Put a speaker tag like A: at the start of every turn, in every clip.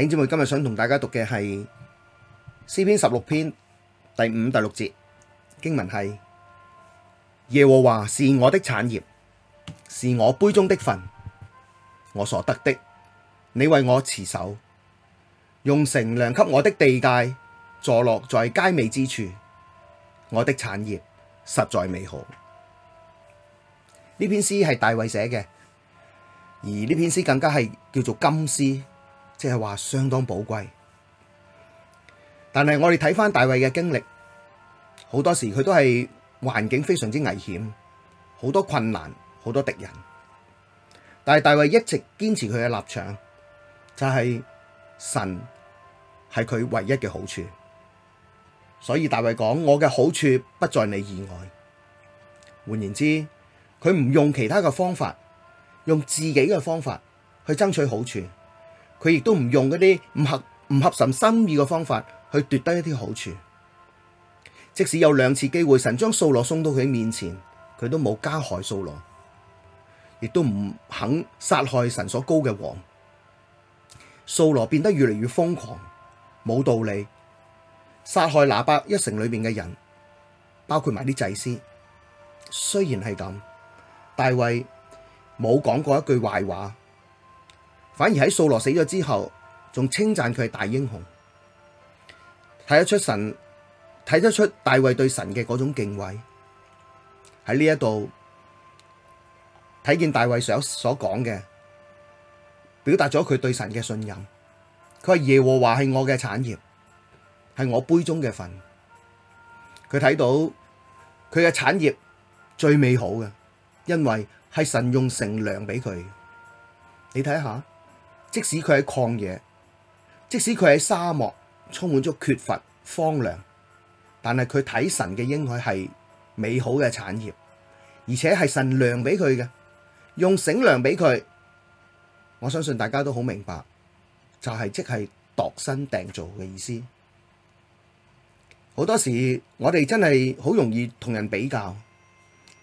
A: 弟兄姊妹，今日想同大家讀嘅係詩篇十六篇第五、第六節經文係：耶和華是我的產業，是我杯中的份，我所得的，你為我持守，用繩量給我的地界，坐落在佳美之處，我的產業實在美好。呢篇詩係大衛寫嘅，而呢篇詩更加係叫做金詩。即係話相當寶貴，但係我哋睇翻大衛嘅經歷，好多時佢都係環境非常之危險，好多困難，好多敵人。但係大衛一直堅持佢嘅立場，就係神係佢唯一嘅好處。所以大衛講：我嘅好處不在你以外。換言之，佢唔用其他嘅方法，用自己嘅方法去爭取好處。佢亦都唔用嗰啲唔合唔合神心意嘅方法去奪得一啲好處，即使有兩次機會，神將掃羅送到佢面前，佢都冇加害掃羅，亦都唔肯殺害神所膏嘅王。掃羅變得越嚟越瘋狂，冇道理，殺害挪伯一城裏面嘅人，包括埋啲祭司。雖然係咁，大衛冇講過一句壞話。反而喺掃羅死咗之後，仲稱讚佢係大英雄，睇得出神，睇得出大衛對神嘅嗰種敬畏，喺呢一度睇見大衛所所講嘅，表達咗佢對神嘅信任。佢話「耶和華係我嘅產業，係我杯中嘅份。」佢睇到佢嘅產業最美好嘅，因為係神用繩量俾佢。你睇下。即使佢喺曠野，即使佢喺沙漠，充滿咗缺乏荒涼，但係佢睇神嘅應許係美好嘅產業，而且係神量俾佢嘅，用繩量俾佢。我相信大家都好明白，就係、是、即係度身訂造嘅意思。好多時我哋真係好容易同人比較，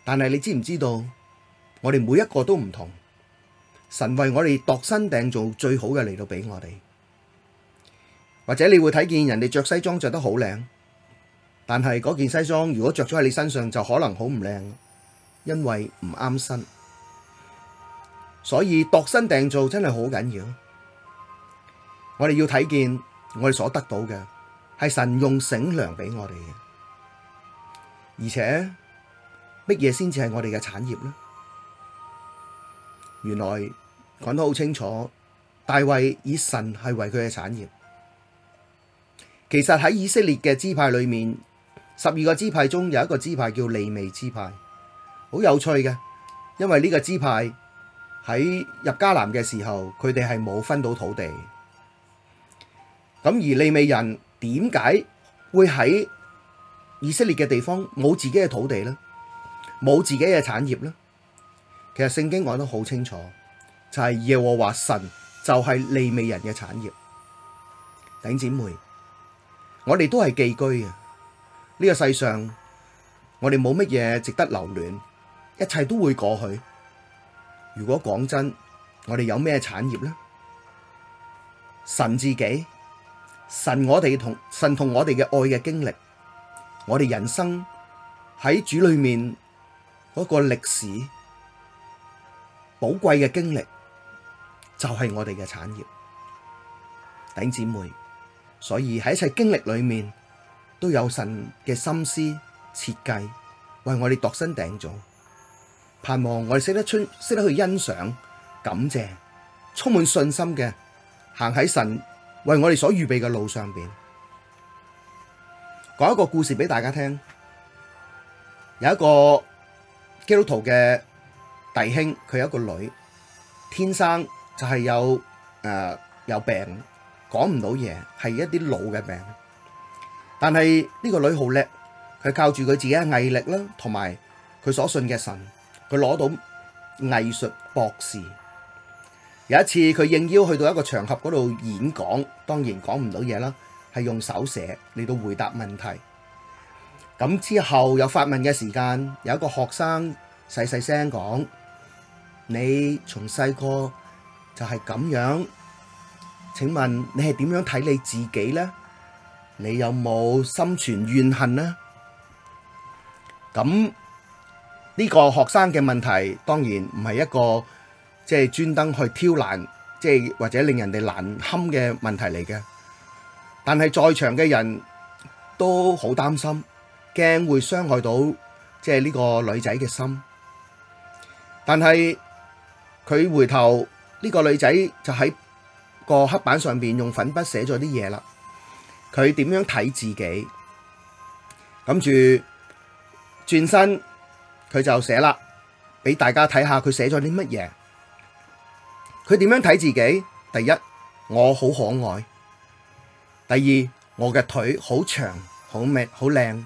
A: 但係你知唔知道，我哋每一個都唔同。神為我哋度身訂做最好嘅，嚟到畀我哋，或者你會睇見人哋着西裝着得好靚，但係嗰件西裝如果着咗喺你身上就可能好唔靚，因為唔啱身。所以度身訂做真係好緊要，我哋要睇見我哋所得到嘅係神用繩量畀我哋嘅，而且乜嘢先至係我哋嘅產業呢？原來講得好清楚，大衛以神係為佢嘅產業。其實喺以色列嘅支派裏面，十二個支派中有一個支派叫利未支派，好有趣嘅。因為呢個支派喺入迦南嘅時候，佢哋係冇分到土地。咁而利未人點解會喺以色列嘅地方冇自己嘅土地呢？冇自己嘅產業呢？其實聖經我都好清楚，就係耶和華神就係利未人嘅產業。頂姊妹，我哋都係寄居嘅，呢個世上我哋冇乜嘢值得留戀，一切都會過去。如果講真，我哋有咩產業咧？神自己，神我哋同神同我哋嘅愛嘅經歷，我哋人生喺主裏面嗰個歷史。寶貴嘅經歷就係我哋嘅產業，弟兄姊妹，所以喺一切經歷裏面都有神嘅心思設計，為我哋度身訂做，盼望我哋識得出識得去欣賞、感謝，充滿信心嘅行喺神為我哋所預備嘅路上邊。講一個故事俾大家聽，有一個基督徒嘅。弟兄，佢有一個女，天生就係有誒、呃、有病，講唔到嘢，係一啲老嘅病。但係呢個女好叻，佢靠住佢自己嘅毅力啦，同埋佢所信嘅神，佢攞到藝術博士。有一次佢應邀去到一個場合嗰度演講，當然講唔到嘢啦，係用手寫嚟到回答問題。咁之後有發問嘅時間，有一個學生細細聲講。你從細個就係咁樣，請問你係點樣睇你自己呢？你有冇心存怨恨呢？咁呢個學生嘅問題，當然唔係一個即係專登去挑難，即係或者令人哋難堪嘅問題嚟嘅。但係在場嘅人都好擔心，驚會傷害到即係呢個女仔嘅心。但係。佢回頭呢個女仔就喺個黑板上邊用粉筆寫咗啲嘢啦。佢點樣睇自己？跟住轉身，佢就寫啦，俾大家睇下佢寫咗啲乜嘢。佢點樣睇自己？第一，我好可愛；第二，我嘅腿好長、好美、好靚；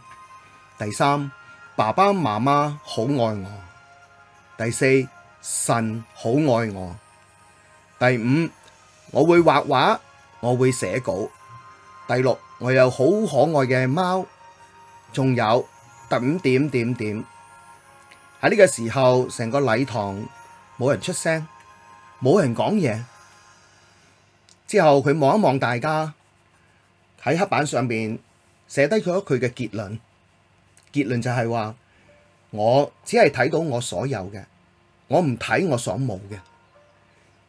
A: 第三，爸爸媽媽好愛我；第四。神好愛我。第五，我會畫畫，我會寫稿。第六，我有好可愛嘅貓，仲有等點點點。喺呢個時候，成個禮堂冇人出聲，冇人講嘢。之後佢望一望大家，喺黑板上面寫低咗佢嘅結論，結論就係話，我只係睇到我所有嘅。我唔睇我所冇嘅，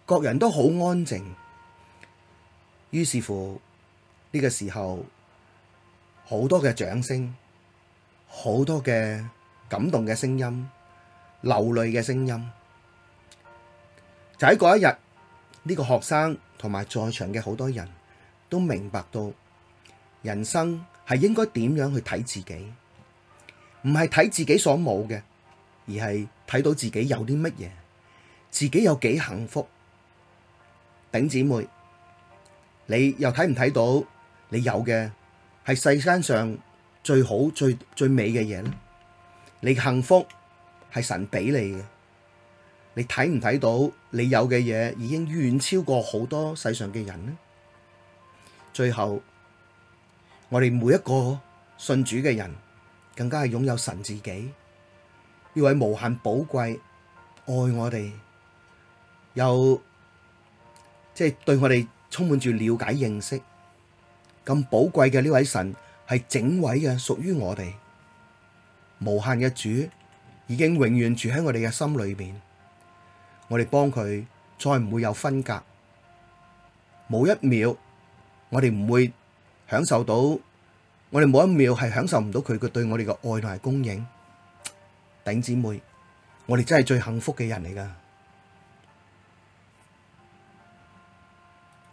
A: 各人都好安靜。於是乎，呢個時候好多嘅掌聲，好多嘅感動嘅聲音，流淚嘅聲音，就喺嗰一日，呢個學生同埋在場嘅好多人都明白到，人生係應該點樣去睇自己，唔係睇自己所冇嘅。而係睇到自己有啲乜嘢，自己有幾幸福，頂姐妹，你又睇唔睇到你有嘅係世間上最好最最美嘅嘢咧？你嘅幸福係神俾你嘅，你睇唔睇到你有嘅嘢已經遠超過好多世上嘅人咧？最後，我哋每一個信主嘅人，更加係擁有神自己。呢位無限寶貴、愛我哋，又即係、就是、對我哋充滿住了解認識，咁寶貴嘅呢位神係整位嘅，屬於我哋。無限嘅主已經永遠住喺我哋嘅心裏面，我哋幫佢再唔會有分隔，冇一秒我哋唔會享受到，我哋冇一秒係享受唔到佢嘅對我哋嘅愛同埋供應。頂姊妹，我哋真係最幸福嘅人嚟㗎。